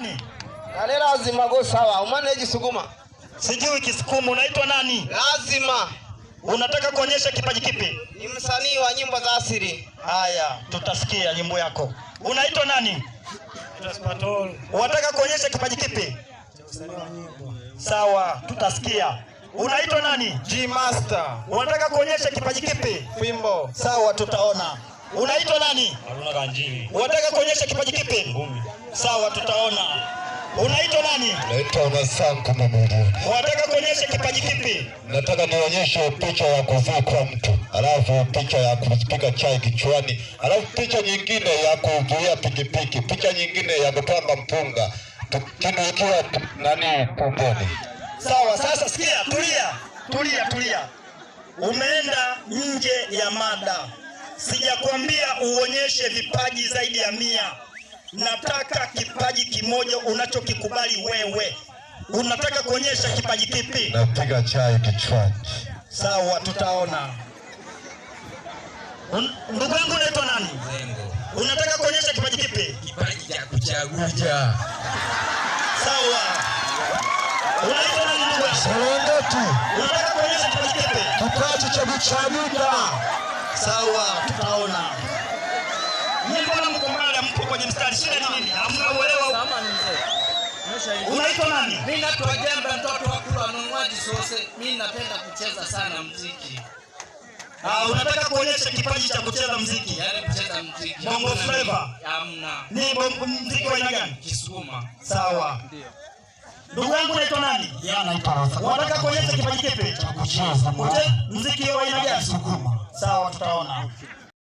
nani? Nani lazima go sawa. Umane suguma. Sijui kisukumu, unaitwa nani? Lazima. Unataka kuonyesha kipaji kipi? Ni msanii wa nyimbo za asili. Haya, tutasikia nyimbo yako. Unaitwa nani? Tutaspatol. Unataka kuonyesha kipaji kipi? Msanii wa nyimbo. Sawa, tutasikia. Unaitwa nani? G Master. Unataka kuonyesha kipaji kipi? Fimbo. Sawa, tutaona. Unaitwa nani? Haruna Unataka kuonyesha kipaji kipi? Sawa, tutaona. Unaitwa nani? Naitwa Unasanku Mamudu. Unataka kuonyesha kipaji kipi? Nataka nionyeshe picha ya kuzikwa mtu, alafu picha ya kupika chai kichwani, alafu picha nyingine ya kuzuia pikipiki, picha nyingine ya kupamba mpunga kitu ikiwa nani pomboni. Sawa, sasa sikia, tulia, tulia, tulia. Umeenda nje ya mada sijakwambia uonyeshe vipaji zaidi ya mia. Nataka kipaji kimoja unachokikubali wewe. Unataka kuonyesha kipaji kipi? Napiga chai kichwani. Sawa, tutaona. Ndugu yangu unaitwa nani? Unataka kuonyesha kipaji kipi? Kipaji cha kuchaguja. Sawa. Unaitwa nani ndugu yangu? Unataka kuonyesha kipaji kipi? Kipaji cha kuchaguja. Sawa, tutaona. Mbona mko mbali, mko kwenye mstari, shida ni nini? Hamna uelewa. Unaitwa nani? Mimi naitwa Jembe, mtoto wa kula mnunuaji sose. Mimi napenda kucheza sana muziki. Ah, unataka kuonyesha kipaji cha kucheza muziki? Yaani kucheza muziki. Bongo flavor? Hamna. Ni bongo muziki wa aina gani? Kisukuma. Sawa. Ndio. Ndugu yangu unaitwa nani? Yeye anaitwa Rafa. Unataka kuonyesha kipaji kipi? Cha kucheza muziki wa aina gani? Kisukuma. Sawa, tutaona.